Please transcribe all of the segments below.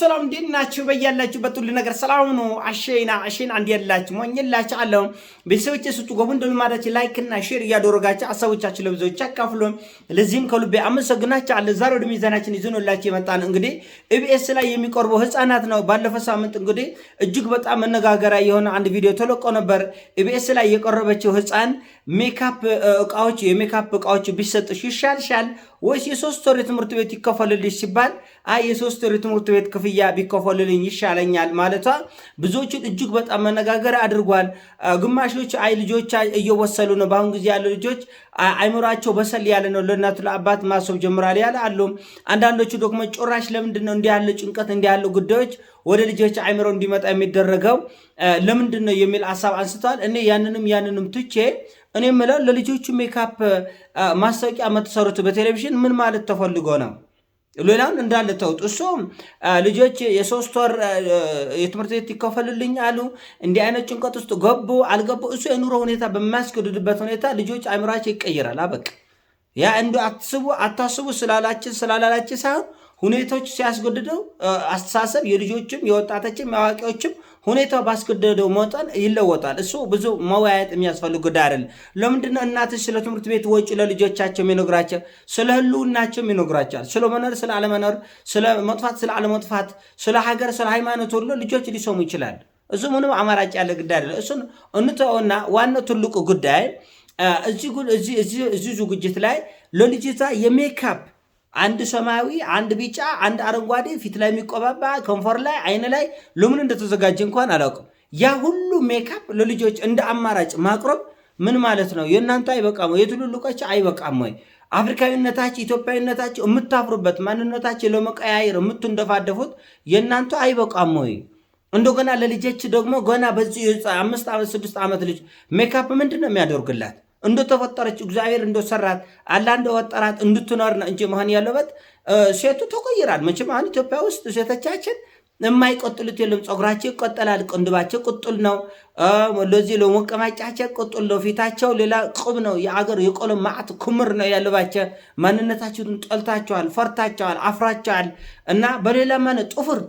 ሰላም እንዴት ናችሁ? በያላችሁበት ሁሉ ነገር ሰላም ነው። አሸና አሸና አንድ ያላችሁ ሞኝላችሁ አለው ቤተሰቦች ስጡ ጎቡ እንደልማዳችሁ ላይክ እና ሼር እያደረጋችሁ ሀሳቦቻችሁ ለብዙዎች አካፍሉ። ለዚህም ከልቤ አመሰግናችሁ አለ። ዛሬ ወደ ሚዛናችን ይዘንላችሁ የመጣን እንግዲህ ኤቢኤስ ላይ የሚቀርበው ህፃናት ነው። ባለፈው ሳምንት እንግዲህ እጅግ በጣም መነጋገሪያ የሆነ አንድ ቪዲዮ ተለቆ ነበር። ኤቢኤስ ላይ የቀረበችው ህፃን ሜካፕ እቃዎች የሜካፕ እቃዎች ቢሰጥሽ ይሻልሻል ወይስ የሶስት ወር ትምህርት ቤት ይከፈልልሽ ሲባል አይ የሶስት ወር ትምህርት ቤት ክፍያ ቢከፈልልኝ ይሻለኛል ማለቷ ብዙዎችን እጅግ በጣም መነጋገር አድርጓል። ግማሾች አይ ልጆች እየወሰሉ ነው፣ በአሁን ጊዜ ያለ ልጆች አይምሯቸው በሰል ያለ ነው፣ ለእናቱ ለአባት ማሰብ ጀምራል ያለ አሉ። አንዳንዶቹ ደግሞ ጭራሽ ለምንድን ነው እንዲህ ያለ ጭንቀት እንዲህ ያለ ጉዳዮች ወደ ልጆች አይምሮ እንዲመጣ የሚደረገው ለምንድን ነው የሚል ሀሳብ አንስተዋል። እኔ ያንንም ያንንም ትቼ እኔ የምለው ለልጆቹ ሜካፕ ማስታወቂያ የምትሰሩት በቴሌቪዥን ምን ማለት ተፈልጎ ነው? ሌላውን እንዳለ እሱ ልጆች የሶስት ወር የትምህርት ቤት ይከፈልልኝ አሉ። እንዲህ አይነት ጭንቀት ውስጥ ገቡ አልገቡ እሱ የኑሮ ሁኔታ በሚያስገድድበት ሁኔታ ልጆች አይምራቸው ይቀይራል። አበቅ ያ እንዲ አትስቡ አታስቡ ስላላችን ስላላላችን ሳይሆን ሁኔታዎች ሲያስገድደው አስተሳሰብ የልጆችም የወጣቶችም የአዋቂዎችም ሁኔታው ባስገደደው መጠን ይለወጣል። እሱ ብዙ መወያየት የሚያስፈልግ ጉዳይ አይደለም። ለምንድነው እናቶች ስለ ትምህርት ቤት ወጪ ለልጆቻቸው የሚነግራቸው? ስለ ሕልውናቸው ይነግራቸዋል። ስለ መኖር ስለ አለመኖር፣ ስለ መጥፋት ስለ አለመጥፋት፣ ስለ ሀገር ስለ ሃይማኖት ሁሉ ልጆች ሊሰሙ ይችላል። እሱ ምንም አማራጭ ያለ ጉዳይ አይደለም። እሱን እንተውና ዋናው ትልቁ ጉዳይ እዚህ ዝግጅት ላይ ለልጅቷ የሜካፕ አንድ ሰማያዊ፣ አንድ ቢጫ፣ አንድ አረንጓዴ ፊት ላይ የሚቆባባ ከንፈር ላይ አይን ላይ ለምን እንደተዘጋጀ እንኳን አላውቅም። ያ ሁሉ ሜካፕ ለልጆች እንደ አማራጭ ማቅረብ ምን ማለት ነው? የእናንተ አይበቃም ወይ? የትልልቆች አይበቃም ወይ? አፍሪካዊነታችሁ፣ ኢትዮጵያዊነታችሁ የምታፍሩበት ማንነታችሁ ለመቀያየር የምትንደፋደፉት የእናንተ አይበቃም ወይ? እንደገና ለልጆች ደግሞ ገና በዚህ አምስት ዓመት ስድስት ዓመት ልጅ ሜካፕ ምንድን ነው የሚያደርግላት? እንደተፈጠረች እግዚአብሔር እንደሰራት አላ እንደወጠራት እንድትኖር ነው እንጂ መሆን ያለበት። ሴቱ ተቆይራል። መቼም አሁን ኢትዮጵያ ውስጥ ሴቶቻችን የማይቆጥሉት የለም። ፀጉራቸው ይቆጠላል፣ ቅንድባቸው ቁጥል ነው። ለዚህ ለመቀማጫቸው ቁጥል ነው። ፊታቸው ሌላ ቁብ ነው። የአገር የቆሎ ማዕት ክምር ነው ያለባቸው። ማንነታቸውን ጠልታቸዋል፣ ፈርታቸዋል፣ አፍራቸዋል እና በሌላ ማነ ጥፍር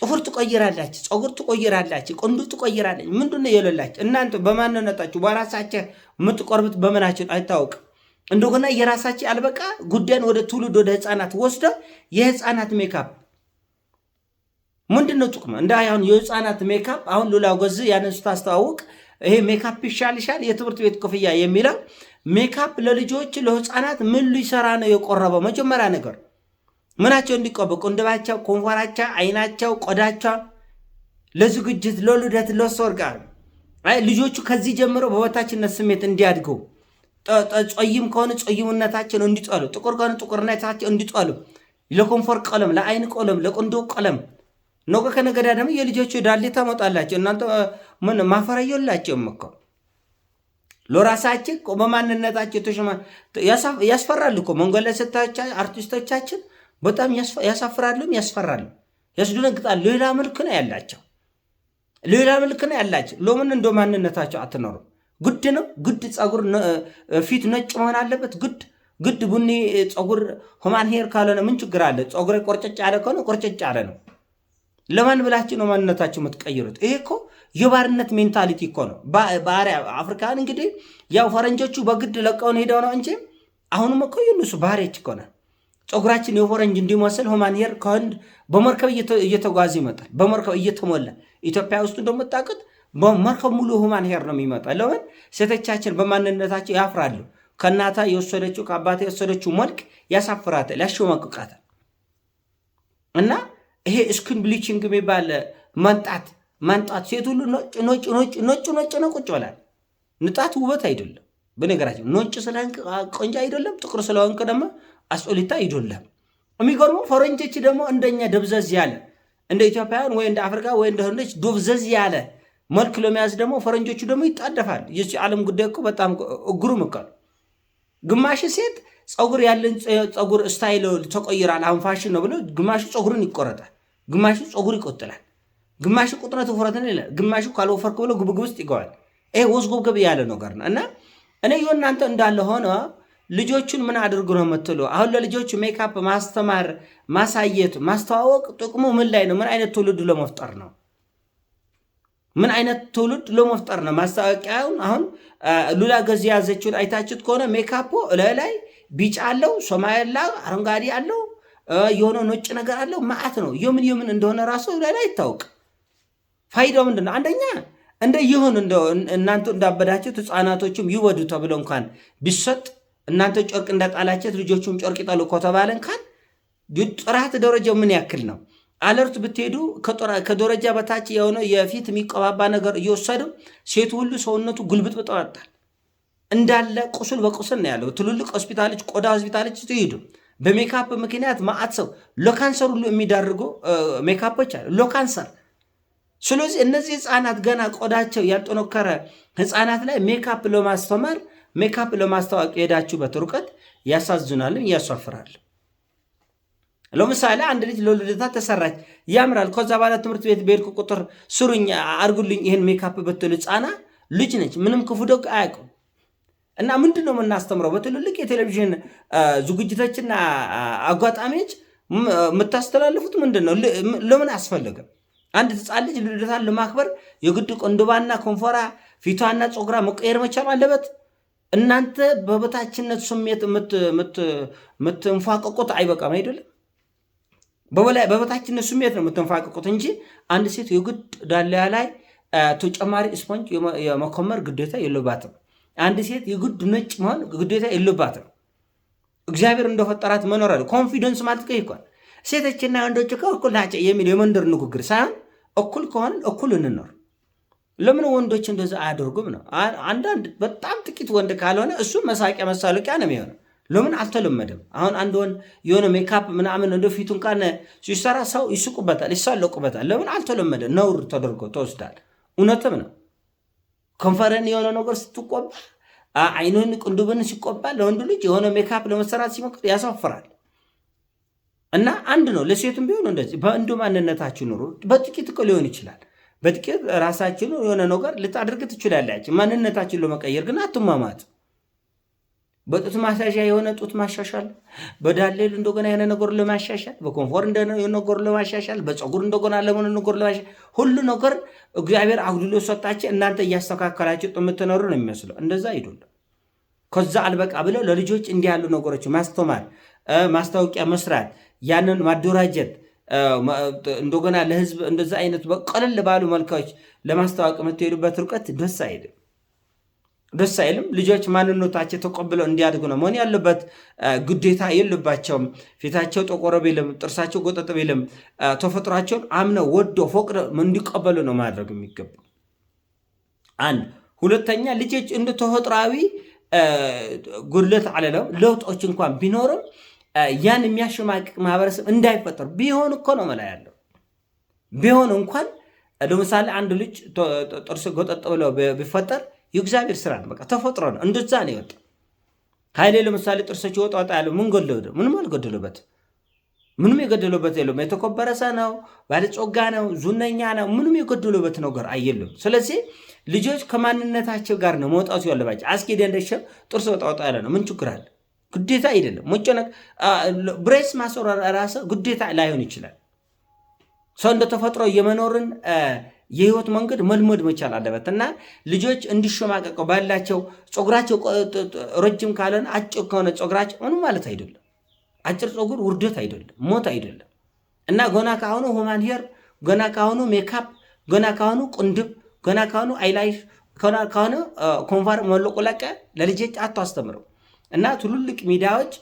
ጥፍር ትቆይራላችሁ፣ ፀጉር ትቆይራላችሁ፣ ቅንዱ ትቆይራለች። ምንድን ነው የሌላችሁ እናንተ በማንነታችሁ በራሳችሁ የምትቆርቡት በምናችሁ አይታወቅም። እንደሆነ የራሳችሁ አልበቃ ጉዳይን ወደ ትውልድ ወደ ህፃናት ወስደ የህፃናት ሜካፕ ምንድን ነው ጥቅም? እንደ አሁን የህፃናት ሜካፕ አሁን ሉላ ጎዝ ያንን ስታስተዋውቅ ይሄ ሜካፕ ይሻልሻል የትምህርት ቤት ክፍያ የሚለው ሜካፕ ለልጆች ለህፃናት ምን ሊሰራ ነው የቆረበው? መጀመሪያ ነገር ምናቸው እንዲቀቡ ቁንድባቸው፣ ኮንፈራቸው፣ አይናቸው፣ ቆዳቸው ለዝግጅት ለልደት ለሶር ጋር ልጆቹ ከዚህ ጀምሮ በበታችነት ስሜት እንዲያድጉ ጾይም ከሆነ ጾይምነታቸውን እንዲጸሉ፣ ጥቁር ከሆነ ጥቁርነታቸው እንዲጸሉ፣ ለኮንፎር ቀለም፣ ለአይን ቀለም፣ ለቁንዶ ቀለም ነገ ከነገዳ ደግሞ የልጆቹ ዳሌ ታመጣላቸው። እናንተ ምን ማፈራየላቸውም እኮ ለራሳችን በማንነታቸው ያስፈራል እኮ መንገድ ላይ ስታቻ አርቲስቶቻችን በጣም ያሳፍራሉም ያስፈራሉ፣ ያስደነግጣሉ። ሌላ መልክ ነው ያላቸው፣ ሌላ መልክ ነው ያላቸው። ለምን እንደ ማንነታቸው አትኖሩም? ግድ ነው ግድ ጸጉር ፊት ነጭ መሆን አለበት ግድ ግድ ቡኒ ፀጉር ሁማን ሄር ካልሆነ ምን ችግር አለ? ፀጉሬ ቆርጨጭ ያለ ከሆነ ቆርጨጭ ያለ ነው። ለማን ብላችሁ ነው ማንነታችሁ የምትቀይሩት? ይሄ እኮ የባርነት ሜንታሊቲ እኮ ነው። ባሪያ አፍሪካን እንግዲህ ያው ፈረንጆቹ በግድ ለቀውን ሄደው ነው እንጂ አሁንም እኮ የእነሱ ባሪያዎች እኮ ነን። ፀጉራችን የፈረንጅ እንዲመስል ሆማንየር ከህንድ በመርከብ እየተጓዘ ይመጣል። በመርከብ እየተሞላ ኢትዮጵያ ውስጥ እንደምታውቁት በመርከብ ሙሉ ሆማንየር ነው የሚመጣ። ለምን ሴቶቻችን በማንነታቸው ያፍራሉ። ከእናታ የወሰደችው ከአባት የወሰደችው መልክ ያሳፍራታል፣ ያሸማቅቃታል። እና ይሄ ስኪን ብሊችንግ የሚባል መንጣት መንጣት ሴት ሁሉ ነጭ ነጭ ነጭ ነጭ ነጭ ነው ቁጭ ብላል። ንጣት ውበት አይደለም። በነገራችን ነጭ ስለሆንክ ቆንጆ አይደለም። ጥቁር ስለሆንክ ደግሞ አስጦሊታ ይዶለም። የሚገርሙ ፈረንጆች ደግሞ እንደኛ ደብዘዝ ያለ እንደ ኢትዮጵያውያን ወይ እንደ አፍሪካ ወይ እንደ ህንዶች ደብዘዝ ያለ መልክ ለመያዝ ደግሞ ፈረንጆቹ ደግሞ ይጣደፋል። የሱ የዓለም ጉዳይ እኮ በጣም እግሩም እኮ ግማሽ ሴት ፀጉር ያለን ፀጉር ስታይል ተቆይራል አሁን ፋሽን ነው ብሎ ግማሹ ፀጉርን ይቆረጣል፣ ግማሹ ፀጉር ይቆጥላል፣ ግማሹ ቁጥነት ውፍረትን ይላል፣ ግማሹ ካልወፈርክ ብሎ ግብግብ ውስጥ ይገዋል። ይሄ ወስጎብገብ ያለ ነገር ነው እና እኔ የእናንተ እንዳለ ሆነ ልጆቹን ምን አድርጎ ነው የምትሉ? አሁን ለልጆቹ ሜካፕ ማስተማር፣ ማሳየት፣ ማስተዋወቅ ጥቅሙ ምን ላይ ነው? ምን አይነት ትውልድ ለመፍጠር ነው? ምን አይነት ትውልድ ለመፍጠር ነው? ማስታወቂያውን አሁን ሉላ ገዚ ያዘችውን አይታችሁት ከሆነ ሜካፖ እላይ ላይ ቢጫ አለው፣ ሶማያላ አረንጓዴ አለው፣ የሆነ ነጭ ነገር አለው። ማአት ነው። የምን የምን እንደሆነ ራሱ እላይ ላይ ይታወቅ። ፋይዳው ምንድን ነው? አንደኛ እንደ ይሁን እናንተ እንዳበዳችሁት ህፃናቶችም ይወዱ ተብሎ እንኳን ቢሰጥ እናንተ ጨርቅ እንደጣላቸት ልጆቹም ጨርቅ ይጣሉ ከተባለን ካል ጥራት ደረጃው ምን ያክል ነው? አለርት ብትሄዱ ከደረጃ በታች የሆነ የፊት የሚቀባባ ነገር እየወሰዱ ሴቱ ሁሉ ሰውነቱ ጉልብጥ ወጣል። እንዳለ ቁስል በቁስል ነው ያለው። ትልልቅ ሆስፒታሎች፣ ቆዳ ሆስፒታሎች ትሄዱ በሜካፕ ምክንያት ማአት ሰው ሎካንሰር ሁሉ የሚዳርጉ ሜካፖች አሉ። ሎካንሰር ስለዚህ እነዚህ ህፃናት ገና ቆዳቸው ያልጠነከረ ህፃናት ላይ ሜካፕ ለማስተማር ሜካፕ ለማስታወቅ የሄዳችሁበት ርቀት ያሳዝናልም ያሷፍራልም። ለምሳሌ አንድ ልጅ ለልደታ ተሰራች ያምራል። ከዛ በኋላ ትምህርት ቤት በሄድኩ ቁጥር ስሩኝ አርጉልኝ ይህን ሜካፕ በትል ህፃና ልጅ ነች፣ ምንም ክፉ ደግ አያውቅም። እና ምንድን ነው የምናስተምረው? በትልልቅ የቴሌቪዥን ዝግጅቶችና አጓጣሚዎች የምታስተላልፉት ምንድን ነው? ለምን አስፈለገም? አንድ ህፃን ልጅ ልደታን ለማክበር የግድ ቆንድባና ኮንፎራ ፊቷና ፀጉራ መቀየር መቻል አለበት? እናንተ በበታችነት ስሜት የምትንፏቀቁት አይበቃም አይደለም። በበታችነት ስሜት ነው የምትንፏቀቁት እንጂ አንድ ሴት የግድ ዳሊያ ላይ ተጨማሪ ስፖንጅ የመኮመር ግዴታ የለባትም። አንድ ሴት የግድ ነጭ መሆን ግዴታ የለባትም። እግዚአብሔር እንደፈጠራት መኖር አለ። ኮንፊደንስ ማለት ከ ይኳል ሴቶችና ወንዶች እኩል ናቸው የሚል የመንደር ንግግር ሳይሆን እኩል ከሆንን እኩል እንኖር ለምን ወንዶች እንደዛ አያደርጉም ነው? አንዳንድ በጣም ጥቂት ወንድ ካልሆነ እሱም መሳቂያ መሳለቂያ ነው የሚሆነው። ለምን አልተለመደም? አሁን አንድ ወንድ የሆነ ሜካፕ ምናምን እንደ ፊቱን ሲሰራ ሰው ይስቁበታል፣ ይሳለቁበታል። ለምን አልተለመደ? ነውር ተደርጎ ተወስዳል። እውነትም ነው። ከንፈርን የሆነ ነገር ስትቆባ፣ አይኑን ቅንድብን ሲቆባ ለወንድ ልጅ የሆነ ሜካፕ ለመሰራት ሲሞክር ያሳፍራል። እና አንድ ነው። ለሴትም ቢሆን እንደዚህ በእንዱ ማንነታችሁ ኑሩ። በጥቂት ሊሆን ይችላል በጥቂት ራሳችን የሆነ ነገር ልታደርግ ትችላላችሁ። ማንነታችን ለመቀየር ግን አትማማት። በጡት ማሻሻ የሆነ ጡት ማሻሻል፣ በዳሌል እንደገና የሆነ ነገር ለማሻሻል፣ በኮንፎር ነገር ለማሻሻል፣ በፀጉር እንደገና ለሆነ ነገር ለማሻሻል፣ ሁሉ ነገር እግዚአብሔር አጉድሎ ሰጣችሁ። እናንተ እያስተካከላችሁ የምትኖሩ ነው የሚመስለው። እንደዛ አይደለም። ከዛ አልበቃ ብለው ለልጆች እንዲህ ያሉ ነገሮች ማስተማር፣ ማስታወቂያ መስራት፣ ያንን ማደራጀት እንደገና ለህዝብ እንደዛ አይነት ቀለል ባሉ መልካዎች ለማስታወቅ የምትሄዱበት ርቀት ደስ አይልም፣ ደስ አይልም። ልጆች ማንነታቸው ተቀብለው እንዲያድጉ ነው መሆን ያለበት። ግዴታ የለባቸውም። ፊታቸው ጠቆረ ቢልም፣ ጥርሳቸው ጎጠጥ ቢልም ተፈጥሯቸውን አምነው ወዶ ፎቅደ እንዲቀበሉ ነው ማድረግ የሚገባው። አንድ ሁለተኛ ልጆች እንደ ተፈጥሯዊ ጉድለት አለለው ለውጦች እንኳን ቢኖርም ያን የሚያሸማቅቅ ማህበረሰብ እንዳይፈጠሩ ቢሆን እኮ ነው መላ ያለው ቢሆን እንኳን ለምሳሌ አንድ ልጅ ጥርስ ጎጠጥ ብለው ቢፈጠር የእግዚአብሔር ስራ ነው። በቃ ተፈጥሮ ነው። እንደዛ ነው ይወጣ ኃይሌ ለምሳሌ ጥርሶች ወጣ ወጣ ያለው ምን ገድለው? ምንም አልገደሉበት። ምንም የገደሉበት የለም። የተኮበረ ሰው ነው፣ ባለጸጋ ነው፣ ዙነኛ ነው። ምንም የገደሉበት ነገር አየለም። ስለዚህ ልጆች ከማንነታቸው ጋር ነው መውጣቱ ያለባቸው። አስጌ ደንደሸም ጥርስ ወጣ ወጣ ያለ ነው። ምን ችግር አለ? ግዴታ አይደለም። መጨነቅ ብሬስ ማሰራር ራስ ግዴታ ላይሆን ይችላል። ሰው እንደ ተፈጥሮ የመኖርን የህይወት መንገድ መልመድ መቻል አለበት እና ልጆች እንዲሸማቀቀው ባላቸው ፀጉራቸው ረጅም ካለን አጭር ከሆነ ፀጉራቸው ምን ማለት አይደለም። አጭር ፀጉር ውርደት አይደለም፣ ሞት አይደለም እና ገና ካሁኑ ሁማን ሄር፣ ገና ካሁኑ ሜካፕ፣ ገና ካሁኑ ቁንድብ ገና ካሁኑ አይላይፍ፣ ከሆነ ኮንቫር መለቆለቀ ለልጆች አስተምረው። እና ትልልቅ ሚዲያዎች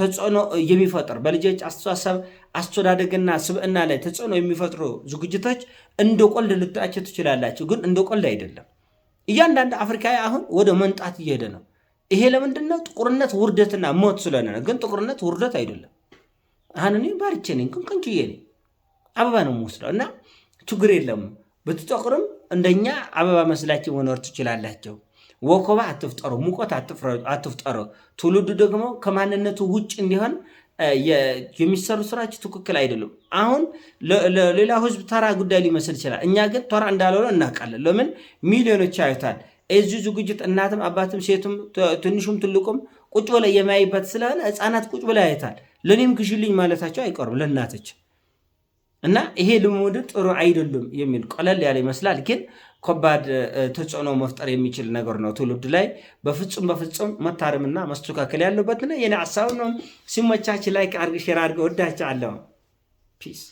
ተጽዕኖ የሚፈጥር በልጆች አስተሳሰብ አስተዳደግና ስብዕና ላይ ተጽዕኖ የሚፈጥሩ ዝግጅቶች እንደ ቆልድ ልታያቸው ትችላላቸው ግን እንደ ቆልድ አይደለም። እያንዳንድ አፍሪካዊ አሁን ወደ መንጣት እየሄደ ነው። ይሄ ለምንድን ነው? ጥቁርነት ውርደትና ሞት ስለሆነ ነው። ግን ጥቁርነት ውርደት አይደለም። አሁን ባርቼ ነኝ፣ ግን ቅንጭዬ ነኝ። አበባ ነው የምወስደው እና ችግር የለም። ብትጠቁርም እንደኛ አበባ መስላችሁ መኖር ትችላላቸው። ወከባ አትፍጠሩ፣ ሙቀት አትፍጠሩ። ትውልዱ ደግሞ ከማንነቱ ውጭ እንዲሆን የሚሰሩ ስራዎች ትክክል አይደሉም። አሁን ለሌላ ህዝብ ተራ ጉዳይ ሊመስል ይችላል። እኛ ግን ተራ እንዳልሆነ እናውቃለን። ለምን ሚሊዮኖች ያዩታል። እዚህ ዝግጅት እናትም አባትም ሴቱም ትንሹም ትልቁም ቁጭ ብለው የማይበት ስለሆነ ህፃናት ቁጭ ብለ ያዩታል። ለእኔም ግዥልኝ ማለታቸው አይቀርም ለእናቶች እና ይሄ ልምድ ጥሩ አይደሉም የሚል ቀለል ያለ ይመስላል ግን ከባድ ተጽዕኖ መፍጠር የሚችል ነገር ነው። ትውልድ ላይ በፍጹም በፍጹም መታረምና መስተካከል ያለበት ነው። የኔ ሀሳብ ነው። ሲመቻች ላይ ከአርግ ሼር አድርገ ወዳቻ አለው ፒስ